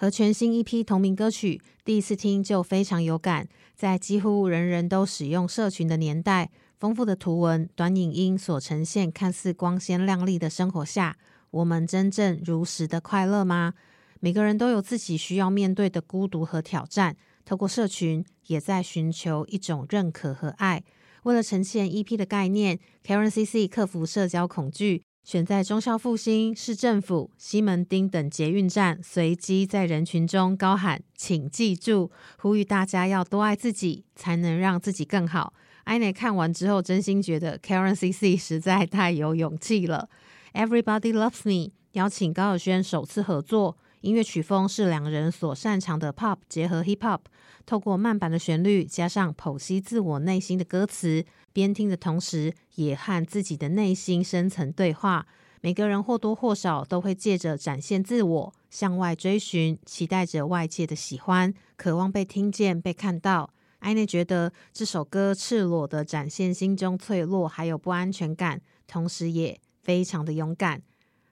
和全新 EP 同名歌曲，第一次聽就非常有感。在幾乎人人都使用社群的年代，豐富的圖文、短影音所呈現看似光鮮亮麗的生活下，我們真正如實的快樂嗎？每個人都有自己需要面對的孤獨和挑戰，透過社群也在尋求一種認可和愛。為了呈現 EP 的概念，Karencici 克服社交恐懼。選在忠孝復興、市政府、西門町等捷運站，隨機在人群中高喊“請記住”，呼籲大家要多愛自己，才能讓自己更好。aiine 看完之後，真心覺得 Karencici 實在太有勇氣了。Everybody Loves Me，邀請高爾宣首次合作。音樂曲風是兩人所擅長的 pop 結合 hip hop，透過慢板的旋律加上剖析自我內心的歌詞，邊聽的同時也和自己的內心深層對話。每個人或多或少都會借着展現自我，向外追尋，期待着外界的喜歡，渴望被聽見、被看到。愛捏覺得這首歌赤裸的展現心中脆弱，還有不安全感，同時也非常的勇敢，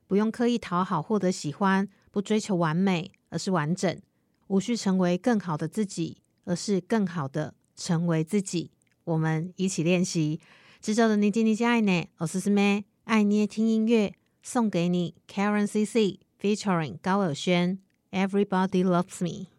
不用刻意討好獲得喜歡。不追求完美，而是完整；無需成為更好的自己，而是更好的成為自己。我們一起練習。支招的 nichi nichi aiine osusume，愛捏聽音樂，送給你 Karencici featuring 高爾宣。Everybody Loves Me。